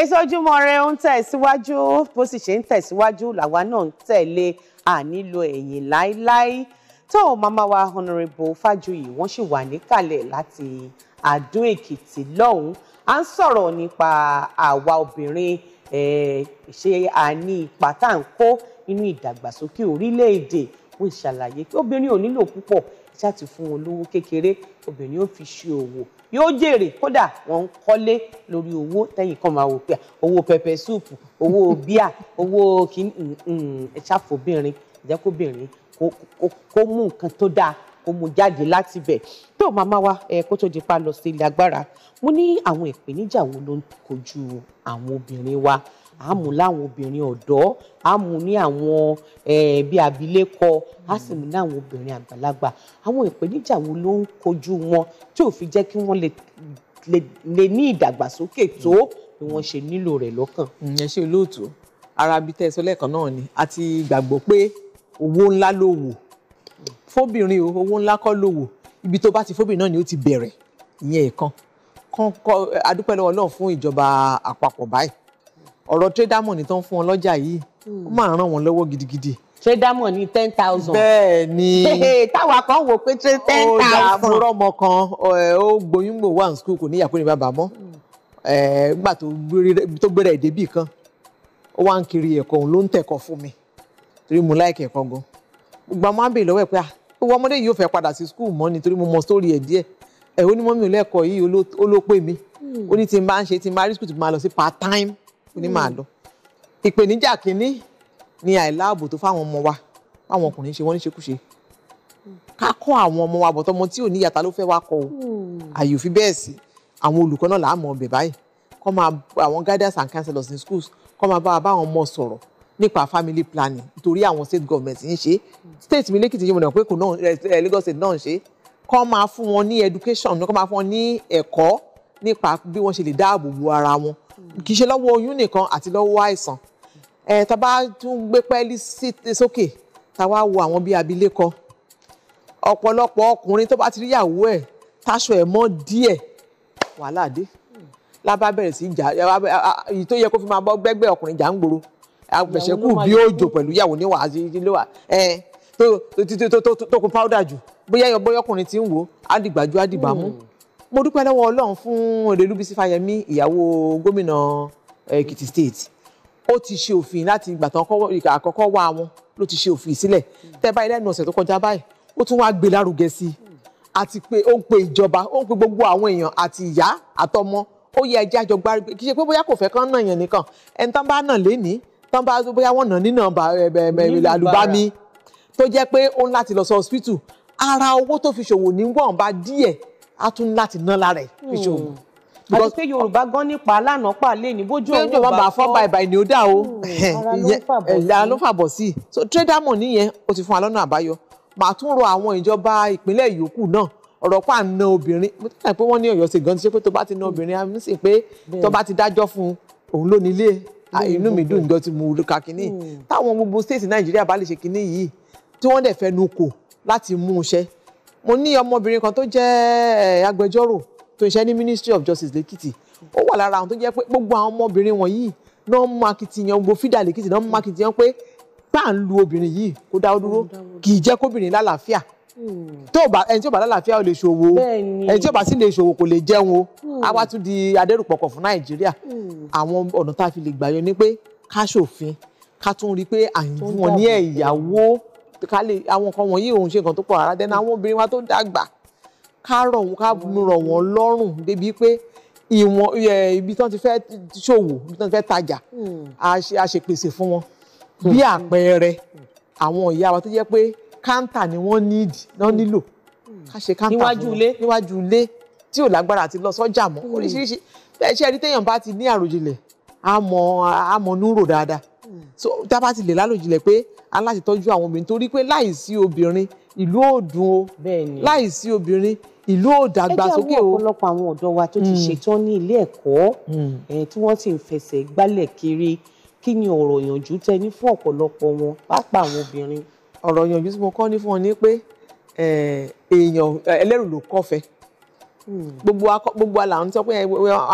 èso ojúmọ́ rẹ ń tẹ̀síwájú bó sì ṣe ń tẹ̀síwájú làwa náà ń tẹ̀lé ànílò ẹ̀yìn láíláí tó màmá wa honorable Fájuyì wọ́n sì wà níkàlẹ̀ láti Àdó Èkìtì lọ́hùnún à ń sọ̀rọ̀ nípa àwa obìnrin eh, ṣe àní ipa tá à ń kó nínú ìdàgbàsókè orílẹ̀ ó ṣàlàyé pé obìnrin ò nílò púpọ̀ ṣáàtì fún wọn lówó kékeré obìnrin ó fi ṣe òwò yóò jèrè kódà wọn ń kọ́lé lórí owó tẹ́yìn kan máa wò pé owó pẹpẹ súùpù owó bíà owó mm, mm, ṣàfòbìnrin ìjẹ́kóbìnrin kó mú nǹkan tó dáa kó mú jáde láti bẹ̀ tó màmá wa kó tó di pa lọ sí ilé agbára mo ní àwọn ìpèníjà wo ló ń kojú àwọn obìnrin wa á mú láwọn obìnrin ọ̀dọ́ á mú ní àwọn bí abilékọ á sì mú ní àwọn obìnrin àgbàlagbà àwọn ìpèníjà wo ló ń kojú wọn tí ò fi jẹ́ kí wọ́n lè ní ìdàgbàsókè tó bí wọ́n ṣe nílò rẹ̀ lọ́kàn. ǹyẹn ṣe olóòtú ara bíi tẹ́ lẹ́ẹ̀kan náà ni a ti gbàgbọ́ pé owó ńlá ló wò fóbìnrin o owó ńlá kọ́ ló wò ibi tó bá ti fóbìnrin náà ni ó ti bẹ̀rẹ̀ ìyẹn ìkan kan kọ́ adúpẹ́ náà fún ìjọba àpapọ̀ báyìí ọ̀rọ̀ trédámọ̀ ní tó ń fún ọ lọ́jà yìí ó máa ràn wọ́n lọ́wọ́ gidigidi. trédámọ̀ ní ten thousand. bẹ́ẹ̀ ni táwa kan wò pé ten thousand. ó dà múrọ́ ọmọ kan ó gboyún mò wá ní skul kò ní ìyàpẹ́ ní bàbá mọ́ nígbà tó gbéra èdè bíi kan ó wá ń kiri ẹ̀kọ́ òun ló ń tẹ̀kọ́ fún mi torí mo láìkẹ́ ẹ̀kọ́ gan gbogbo àwọn àbẹ̀ lọ́wọ́ ẹ̀ pé ah gbogbo ọmọdé yìí ò fẹ́ padà sí skul mọ́ nítorí mo mọ sórí ẹ̀ díẹ̀ ẹ̀ ó ní mọ́mí ò lẹ́kọ̀ọ́ yìí ó ló pè mí hmm. ó ní tí n ń ṣe tí n rí skul tí máa lọ sí part time ó ní màá lọ ìpèníjà kínní ni àìláàbò tó fáwọn ọmọ wa fáwọn ọkùnrin ṣe wọ́n ní ṣekúṣe ká kọ́ àwọn ọmọ wa bọ̀tọ́ ọmọ tí ò ní ìyàtà ló fẹ́ wá kọ́ o hmm. àyè òfin bẹ́ẹ̀ sí àwọn olùkọ́ náà làá mọ̀ báyìí kọ́ máa àwọn guidance and counselors in schools kọ́ máa bá wa bá àwọn ọmọ sọ̀rọ̀ nípa family planning nítorí àwọn state government ń ṣe state mi lẹ́kìtì yìí mo nà pé kò náà eh, eh, Lagos state náà ń ṣe kọ́ máa fún wọn ní education kọ́ máa fún wọn ní ẹ̀kọ́ nípa bí wọ́n ṣe lè dáàbò bo ara wọn kì í ṣe lọ́wọ́ oyún nìkan àti lọ́wọ́ àìsàn ẹ̀ tá a bá tún gbé pẹ́ẹ́lí sókè tá a wá wo àwọn bíi abilékọ ọ̀pọ̀lọpọ̀ ọkùnrin tó bá ti rí ìyàwó ẹ̀ táṣọ ẹ̀ mọ́ díẹ̀ wàhálà dé lábá bẹ̀rẹ̀ sí jà èyí tó yẹ kó fi máa bọ́ gbẹ́gbẹ́ ọkùnrin jà ń gbòòrò àgbẹ̀sẹ̀kù bí òjò pẹ̀lú ìyàwó níwà ilé wa tó kun powder jù bóyá ọkùnrin ti ń wò á ju á dìgbàmú. Hmm mo dúpẹ́ lọ́wọ́ ọlọ́run fún Ọ̀dẹ̀lúbísí Fáyẹmí ìyàwó gómìnà eh, Èkìtì state ó ti ṣe òfin láti ìgbà tán àkọ́kọ́ wá wọn ló ti ṣe òfin sílẹ̀ tẹ́ báyìí lẹ́nu ọ̀sẹ̀ tó kọjá báyìí ó tún wá gbé lárugẹ sí i àti pé ó ń pe ìjọba ó ń pe gbogbo àwọn èèyàn àti ìyá àtọmọ ó yẹ ẹjẹ àjọgbá kì í ṣe pé bóyá kò fẹ́ kán nà yàn nìkan ẹni tán bá nà lénìí tán bá bóyá wọ́n nà nínà eh, àlùbami tó jẹ́ pé ó ń láti lọ sí hospital ara owó tó fi ṣòwò ní wọ́n bá díẹ̀ á tún láti ná lára ẹ̀ níṣẹ́ oògùn. Hmm. àti pé yorùbá gan nípa alánà pàlẹ́ ní bójú òun bá fọ́ bá fọ́ bá ìbà ìní ó dà o hmm, ara ló fà bọ̀ eh, sí i so trader mọ̀ nìyẹn ó ti fún wa lọ́nà àbáyọ màá tún rọ àwọn ìjọba ìpínlẹ̀ yòókù náà ọ̀rọ̀ pa na obìnrin mo tẹ́lẹ̀ pé wọ́n ní ọ̀yọ́ ṣe gan-an ṣe pé tó bá ti na obìnrin àmì sì pé tó bá ti dájọ́ fún òun ló nílé inú mi dùn jọ ti mú ka kínní hmm. táwọn gbogbo stéètì nàìjíríà bá lè ṣe kínní yìí tí wọ́n dẹ̀ fẹnu kò láti mú un ṣẹ mo ní ọmọbìnrin kan tó jẹ́ eh, agbẹjọ́rò tó ń ṣe ní Ministry of Justice lẹ́kìtì ó wà lára àwọn tó jẹ́ pé gbogbo àwọn ọmọbìnrin wọ̀nyí náà mú akitiyan gbogbo fídà lẹ́kìtì náà mú akitiyan pé tá à ń lu obìnrin yìí kó dáwọ́ dúró kì í jẹ́ kóbìnrin lálàáfíà hmm. tó o bá ẹni tí o bá lálàáfíà o lè ṣòwò ẹni tí o bá sì lè ṣòwò kò lè jẹun o hmm. a wá tún di adẹ́rùpọ̀kọ̀ fún Nàìjíríà hmm. àwọn ọ̀nà tá a fi lè gbà yọ ni pé ká ṣòfin ká tún rí pé à ń fún wọn ní ẹ̀yáwó ká lè àwọn nǹkan wọ̀nyí òun ṣe nǹkan tó pọ̀ rárá dẹ́nu àwọn obìnrin wa tó dàgbà ká rọ̀ wọ́n ká rọ̀ wọ́n lọ́rùn débi pé ìwọ̀n ibi tí wọ́n ti fẹ́ ṣòwò ibi tí wọ́n ti fẹ́ tajà hmm. a ṣe pèsè fún wọn bí hmm. àpẹẹrẹ àwọn ìyá wa tó jẹ́ pé káńtà ni wọ́n níìdì náà hmm. nílò ká ṣe káńtà níwájú ilé níwájú ilé tí ò lágbára àti lọ sọ́jà mọ́ oríṣiríṣi bẹ́ẹ̀ ṣe rí téèyàn bá ti ní àròjinlẹ̀ á mọ̀ á dáadáa tá a bá ti lè lálòjinlẹ̀ pé aláti tọ́jú àwọn obìnrin torí pé láìsí obìnrin ìlú ò dùn o láìsí obìnrin ìlú ò dàgbàsókè o. ẹ jẹ́ àwọn ọ̀pọ̀lọpọ̀ àwọn ọ̀dọ́ wa tó ti hmm. ṣetán ní ilé ẹ̀kọ́ hmm. tí wọ́n sì ń fẹsẹ̀ gbálẹ̀ kiri kí ni ọ̀rọ̀ ìyànjú tẹ fún ọ̀pọ̀lọpọ̀ wọn pàápàá àwọn obìnrin. ọ̀rọ̀ ìyànjú tí mo kọ́ ní fún ọ ní pé ẹlẹ́rù ló kọ́fẹ́ gbogbo akọ gbogbo àlà ń sọ pé ẹ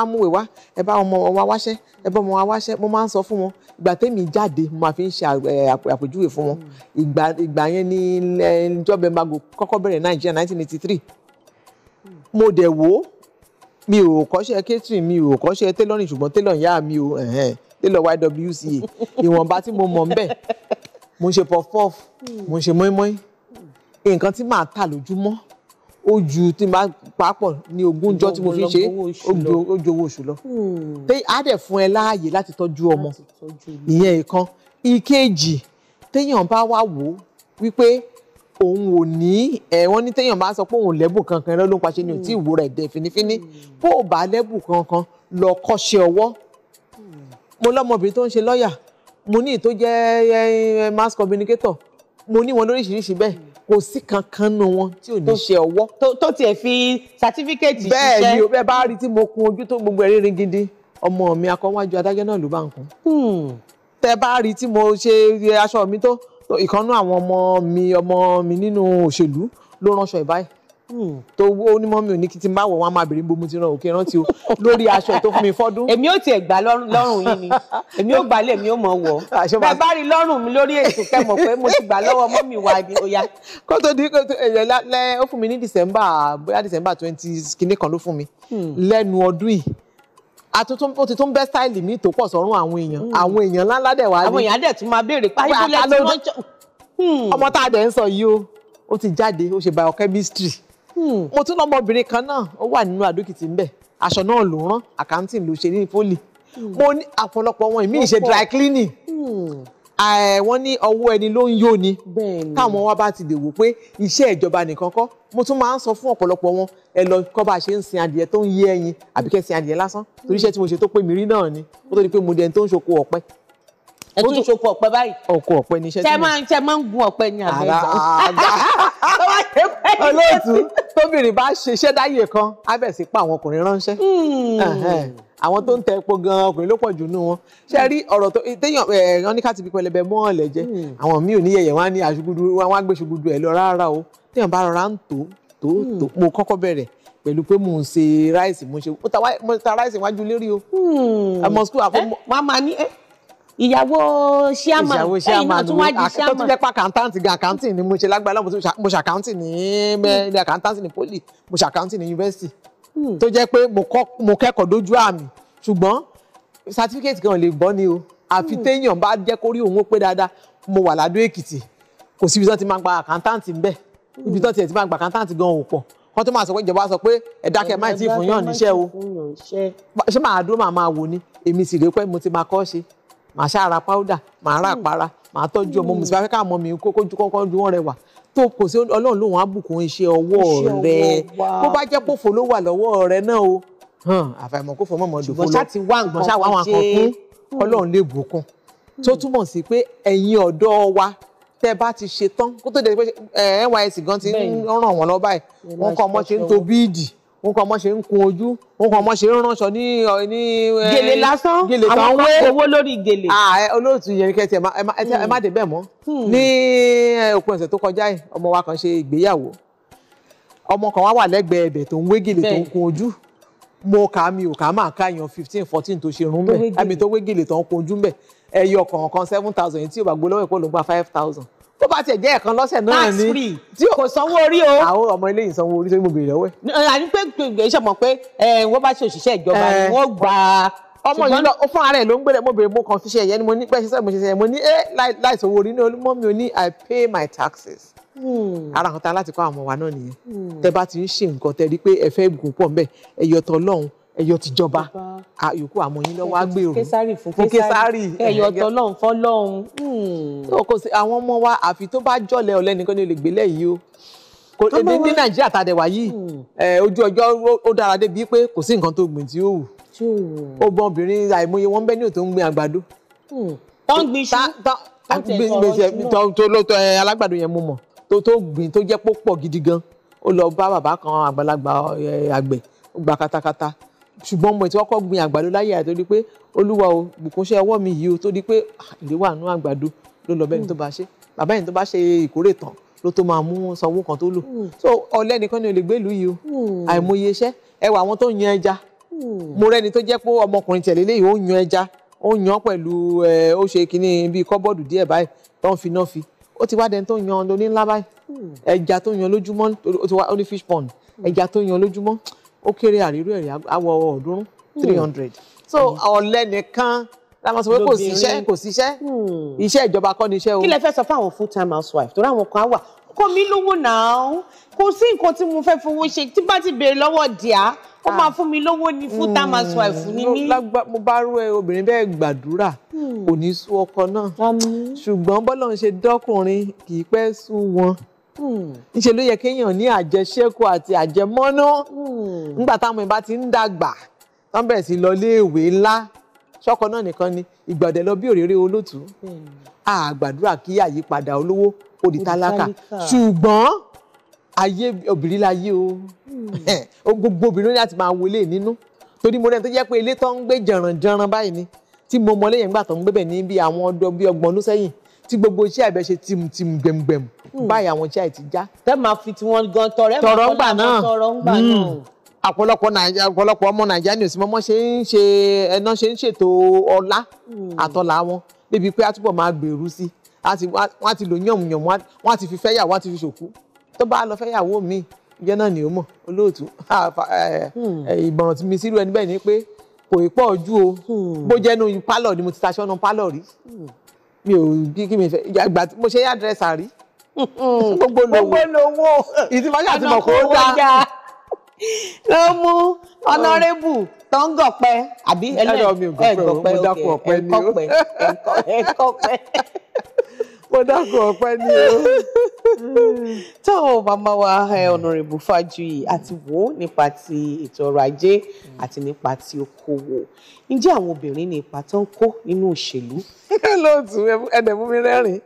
amúwe wá ẹ bá ọmọ wa wáṣẹ́ ẹ bá ọmọ wa wáṣẹ́ mo máa ń sọ fún wọn ìgbà tèmi jáde mo máa fi ń ṣe àpèjúwe fún wọn ìgbà ìgbà yẹn ní jọbẹ mago kọ́kọ́ bẹ̀rẹ̀ nàìjíríà nineteen eighty three mo dẹ̀ wò ó mi ò kọ́ṣẹ́ catering mi ò kọ́ṣẹ́ tailoring ṣùgbọ́n tailor ìyá mi ò tailor YWCA ìwọ̀nba tí mo mọ̀ ń mo ṣe puff puff mo ń ṣe mọ́ínmọ́ín nǹkan tí màá tà lójúmọ́ ó ju tí pàápọ̀ ní ogúnjọ́ tí mo fi ṣe ojú owó oṣù lọ hmm. pé á dẹ̀ fún ẹ láàyè láti tọ́jú ọmọ ìyẹn ìkan ìkejì téèyàn bá wà wò wípé òun ò ní ẹ wọn ní téèyàn bá sọ pé òun lẹ́bùn kankan ló ń paṣẹ ni ò ìwò rẹ̀ dẹ̀ finifini hmm. bó o bá lẹ́bùn kankan lọ kọ́ṣẹ́ ọwọ́ hmm. mo lọ́mọbìnrin tó ń ṣe lọ́ọ̀yà mo ní ìtó jẹ́ mass communicator mo ní wọn lóríṣiríṣi bẹ́ẹ̀ kò sí kankan nínú wọn tí ò ní ṣe ọwọ́. tó tiẹ̀ fi sátífíkẹ́ẹ̀tì ṣiṣẹ́. bẹ́ẹ̀ ni o bẹ́ẹ̀ bá rí tí mo kun ojú tó gbogbo ẹ̀rí rin gidi ọmọ mi akọ́wájú adájọ́ náà ló bá ń kun. Hmm. tẹ bá rí tí mo ṣe aṣọ mi tó ìkànnú àwọn ọmọ mi ọmọ mi nínú òṣèlú ló ránṣọ ìbáyìí Hmm. tó ó ní mọ́mí òní kìtì máa wọ̀ wọ́n á máa bèrè gbogbo ti ràn òkè rántí o lórí aṣọ tó fún mi fọ́dún. èmi ò tiẹ̀ gbà lọ́rùn yín ni èmi ò gbà lé èmi ò mọ̀ wọ̀ bẹ́ẹ̀ bá rí lọ́rùn mi lórí ètò kẹ́mọ̀ pé mo ti gbà lọ́wọ́ mọ́mí wa ni ó yá. kó tó di eh, ẹ̀yẹ lẹ́ ó fún mi ní December bóyá December twenty kìíní kan ló fún mi hmm. lẹ́nu ọdún yìí àtúntún ó ti tún bẹ́ stáìlì mi tó pọ̀ sọ́run àwọn èèyàn hmm. àwọn èèyàn ńláńlá dẹ̀ wá ní. àwọn èèyàn dẹ̀ tún máa béèrè pé àyíkú lẹ́tí wọ́n jọ. ọmọ tá a dẹ̀ ń sọ yìí o ó ti jáde ó ṣe biochemistry Hmm. mo tún lọmọbìnrin kan náà ó wà nínú àdókìtì ńbẹ aṣọ náà ló rán àkáǹtì ló ṣe ní fólì hmm. mo ní àpọ̀lọpọ̀ wọn ìmí ìṣe dry cleaning hmm. wọ́n ní ọwọ́ ẹni ló ń yó ni káwọn wa bá ti dèwò pé iṣẹ́ ìjọba nìkan kọ́ mo tún máa ń sọ fún ọ̀pọ̀lọpọ̀ wọn ẹ lọ kọ́ bá a ṣe ń sin adìẹ tó ń yé ẹyin àbí kẹ́ sin adìẹ lásán torí iṣẹ́ tí mo ṣe tó pé mi rí náà ni ó tó di pé mo dẹni tó ń ṣoko ọ̀pẹ. ẹ tún ṣoko ọ̀pẹ báyìí. ọkọ ọ̀pẹ ni iṣẹ́ tí mo. tẹ máa ń gun ọ̀pẹ ni àbẹ̀jọ. olóòtú tóbìnrin bá ṣiṣẹ́ dáyé kan á bẹ̀ sí pa àwọn ọkùnrin ránṣẹ́ hmm. àwọn tó ń tẹ epo gan ọkùnrin ló pọ̀ jù nù wọn ṣe rí ọ̀rọ̀ tó eh, téèyàn ẹ̀ eh, wọn ní ká ti fi pẹlẹbẹ mọ́ ọ̀lẹ̀ jẹ́ hmm. àwọn míì ò ní yẹ̀yẹ̀ wọn á ní aṣugudu wọn á gbé ṣugudu ẹ̀ lọ rárá o téèyàn bá rọra ń tò tó hmm. tó mo kọ́kọ́ bẹ̀rẹ̀ pẹ̀lú pé mò ń ṣe ráìsì mo ṣe mo ta ráìsì wájú lérí o ọmọ skul àfọ eh? máa ma ní ẹ ìyàwó ṣíàmà ìyàwó ṣíàmà ló tó jẹ́ pé àkàntáǹtì gan accountant, ni mo ṣe lágbára lọ́mọ mo ṣe àkàntáǹtì ní hmm. ilé accountant ní poli mo ṣe àkàntáǹtì ní yunifásitì hmm. tó jẹ́ pé mo kẹ́kọ̀ọ́ dójú àmì ṣùgbọ́n sátífíkẹ́tì kan lè gbọ́ ni o àfi hmm. téèyàn bá jẹ́ kó rí òun ó pé dáadáa mo wà ládó èkìtì kò síbi tó ti máa gba àkàntáǹtì ńbẹ̀ ibi tó tiẹ̀ ti máa gba àkàntáǹtì gan ò pọ̀ kọ́ tó máa sọ pé ìjọba sọ pé ẹ̀dá kẹ máa ti fún yàn níṣẹ́ o ṣé màá dúró màá máa wò ni èmi sì rè pé mo ti máa kọ́ ṣe màá ṣáà ra powder màá ra àpárá màá tọ́jú ọmọ mi sì bá fẹ́ káàmọ́ mi kójú kọ́kọ́ ju wọn rẹwà tó kò sí ọlọ́run lòun á bùkún iṣẹ́ ọwọ́ rẹ bó bá jẹ́ pòfò ló wà lọ́wọ́ rẹ náà o àfàìmọ̀ kó fọmọ́ mọ́dún fún lọ ṣùgbọ́n ṣáà ti wá nǹkan kún ọlọ́run lè bùkún hmm. tó túmọ̀ sí pé ẹ̀yin ọ̀dọ́ wa tẹ́ bá ti ṣe tán kó tó dé pé NYSC gan ti ń ràn wọ́n lọ́wọ́ báyìí wọ́n kọ́ ọmọ ṣe ń to bíìdì wọn kọ ọmọ ṣe ń kun ojú wọn kọ ọmọ ṣe ń ránṣọ ní eh, ní. Eh, gèlè lásán gèlè tó ń wé àwọn kan owó lórí gèlè. olóòtú yẹn kẹsì ẹ má dé bẹ́ẹ̀ mọ́ hmm. ní eh, òpin ọ̀sẹ̀ tó kọjá yìí ọmọ wa kan ṣe ìgbéyàwó ọmọ kan wá wà lẹ́gbẹ̀ẹ́ ẹ̀bẹ̀ tó ń wé gèlè tó ń kun ojú mo kà á mi ò kà á máa ká yan fifteen fourteen tó ṣe rún mẹ́ àmì tó wé gèlè tó ń kun ojú mẹ́ ẹ̀yọ kọ̀ọ̀kan seven thousand yìí tí ò bá thousand tó bá tiẹ̀ jẹ́ ẹ̀kan lọ́sẹ̀ náà ni tax free tí kò sanwó orí o. àwọn ọmọ ilé yìí sanwó orí tó ń gbòòrò lọ́wọ́ ẹ̀. àní pé iṣẹ́ mọ̀ pé wọ́n bá ṣe òṣìṣẹ́ ìjọba ni wọ́n gbà á. ọmọ yìí lọ fún ara ẹ̀ ló ń gbélé mo bèrè mo kàn fi ṣe ẹ̀yẹ ni mo ní pẹ́ ṣiṣẹ́ mo ṣe ṣe mo ní ẹ́ láì sanwó orí ní olúmọ́ mi ò ní I pay my taxes. Hmm. ara kan ta láti kọ́ àwọn ọmọ wa náà nìyẹn hmm. tẹ bá ti ń ṣe nǹkan tẹ rí pé ẹ fẹ́ gùn pọ̀ mbẹ́ ẹ̀yọ̀ tọ́lọ́run ẹ̀yọ̀ tìjọba àyòkù àmọyín lọ́wọ́ á gbèrò fún késàrì ẹyọ tọlọ́run fọ́lọ́run. tó hmm. o kò sí àwọn ọmọ wa àfi tó bá jọlẹ ọ̀lẹ nìkan ni o lè gbélé yìí o kò ní ní nàìjíríà tàdé wá yìí hmm. ojú ọjọ́ ó dára débi pé kò sí nǹkan tó gbìn tí ó wù ó gbọ́n obìnrin àìmọye wọn bẹ́ẹ̀ ní òtò ń gbin àgbàdo. Hmm. tó ń gbin iṣu tó ń tẹ alágbàdo yẹn mo mọ̀ tó tó gbìn tó jẹ́ pọ̀ gidi gan ó lọ bá bàbá kan àgbàlagbà àgbẹ̀ gba katakata ṣùgbọ́n mo ti kọ́kọ́ gbin àgbàdo láyé àti torí pé olúwa o bùkúnṣẹ́ ọwọ́ mi yìí o tó di pé ah, ìlé wà nú àgbàdo ló lọ bẹ́ẹ̀ ni tó bá ṣe bàbá yìí tó bá ṣe ìkórè tán ló tó máa mú sanwó kan tó lò hmm. so ọ̀lẹ nìkan ni o lè gbé ìlú yìí o hmm. àìmọye iṣẹ́ ẹ wà àwọn tó ń yan ẹja hmm. mo rẹ́ni tó jẹ́ pé ọmọkùnrin tẹ̀lé léyìí ó ń yan ẹja ó ń yan pẹ̀lú ẹ ó ṣe kinní bíi kọ́bọ́ọ̀dù díẹ̀ báyìí tó ń fi náà fi ó ti wá dẹni tó ń yan lóní ńlá báyìí ẹja tó ń yan lójúmọ́ ó fish pond ẹja tó ń yan lójúmọ́ ó kéré àríró ẹ̀rí àwọ̀ ọ̀ọ́dúnrún three hmm. hundred so ọ̀lẹ nìkan la mọ̀ sọ pé kò síṣẹ́ kò síṣẹ́ hmm. iṣẹ́ ìjọba kọ́ ni iṣẹ́ o. kí lẹ fẹ́ sọ fáwọn full time housewife torí àwọn kan wà kò mí lówó náà kò sí nǹkan tí mo fẹ́ fowó ṣe tí bá ti béèrè lọ́wọ́ díà ó ah. máa fún mi lówó ní full time hmm. housewife ni mí. mo bá rú ẹ obìnrin bẹ́ẹ̀ gbàdúrà kò ní sú ọkọ náà ṣùgbọ́n bọ́lá ń ṣe dọ́kùnrin kì í pẹ́ sú wọn níṣẹ́ ló yẹ kéèyàn ní àjẹṣẹ́kù àti àjẹmọ́ná hmm. nígbà táwọn ìbá ti ń dàgbà wọ́n bẹ̀rẹ̀ sí lọ léèwé ńlá ṣọ́kọ náà nìkan ni ìgbàdẹ lọ bí òréré olótù hmm. a gbàdúrà kí àyípadà olówó òdì tálákà ṣùgbọ́n ayé obìnrin láyé hmm. o gbogbo obìnrin láti máa wọlé nínú torí mo rẹ́ni tó jẹ́ pé ilé tó ń gbé jẹ̀rànjẹ̀ràn báyìí ni tí mo mọ lẹ́yìn ìgbà tó ń gbébẹ̀ ní bí àwọn ọdún bí ọgbọ̀n ọdún sẹ́yìn tí gbogbo iṣẹ́ àbẹ̀ ṣe tìmùtìmù gbẹ̀mùgbẹ̀mù Hmm. báyìí àwọn jẹ́ àìtí já. tẹ́ máa fi tiwọn gan tọrẹ máa tọrọ ńgbà náà tọrọ ńgbà hmm. náà àpọ̀lọpọ̀ nàìjíríà àpọ̀lọpọ̀ ọmọ nàìjíríà ní òsínmọmọ ṣe ń ṣe ẹná ṣe ń ṣètò ọlá hmm. àtọlà wọn débi pé a túbọ̀ máa gbèrú sí wọ́n á ti lò yànmùyànmù wọ́n á ti fi fẹ́yàwó wọ́n á ti fi ṣòkú tó bá lọ fẹ́yàwó mi ìjẹ́ náà ni ó mọ̀ olóòtú ìmọ̀ràn mi sírú ẹni bẹ́ẹ̀ ni pé kò ì pọ̀ ojú o bó jẹ́ nu pálọ̀ ni mo ti taṣọ́nà pálọ̀ rí mi ò kí mi fẹ́ mo ṣe yá dírẹ́sà rí gbogbo lowó ìdí máa ṣàtìmọ̀ kó dáa. ló mú ọ̀nàrẹ́bù tó ń gọ̀pẹ́ àbí ẹlẹ́yìn ẹ̀gọ̀pẹ́ ẹ̀kọ́pẹ́ ẹ̀kọ́pẹ́ mo dákun ọpẹ́ ni o. táwọn màmá wa ọ̀nàrẹ́bù hmm. Fájuyì àti wò ó nípa ti ètò ọrọ̀ ajé hmm. àti nípa ti okòwò ǹjẹ́ àwọn obìnrin ni ipa tó ń kó nínú òṣèlú. lóòtú ẹ̀dẹ̀ mú mi rẹ́rìn-ín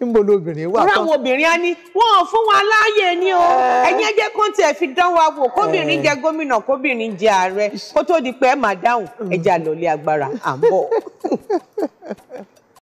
níbo lóbìnrin wà. ráwọn obìnrin á ní wọn ò fún wa láàyè ni o eh. ẹ̀yin ẹ jẹ́ kó tiẹ̀ fi dán wa wò kóbìnrin eh. jẹ gómìnà kóbìnrin jẹ ààrẹ kó tó di pé ẹ máa dáhùn ẹ àlọ́lé hmm. agbára à ń bọ̀.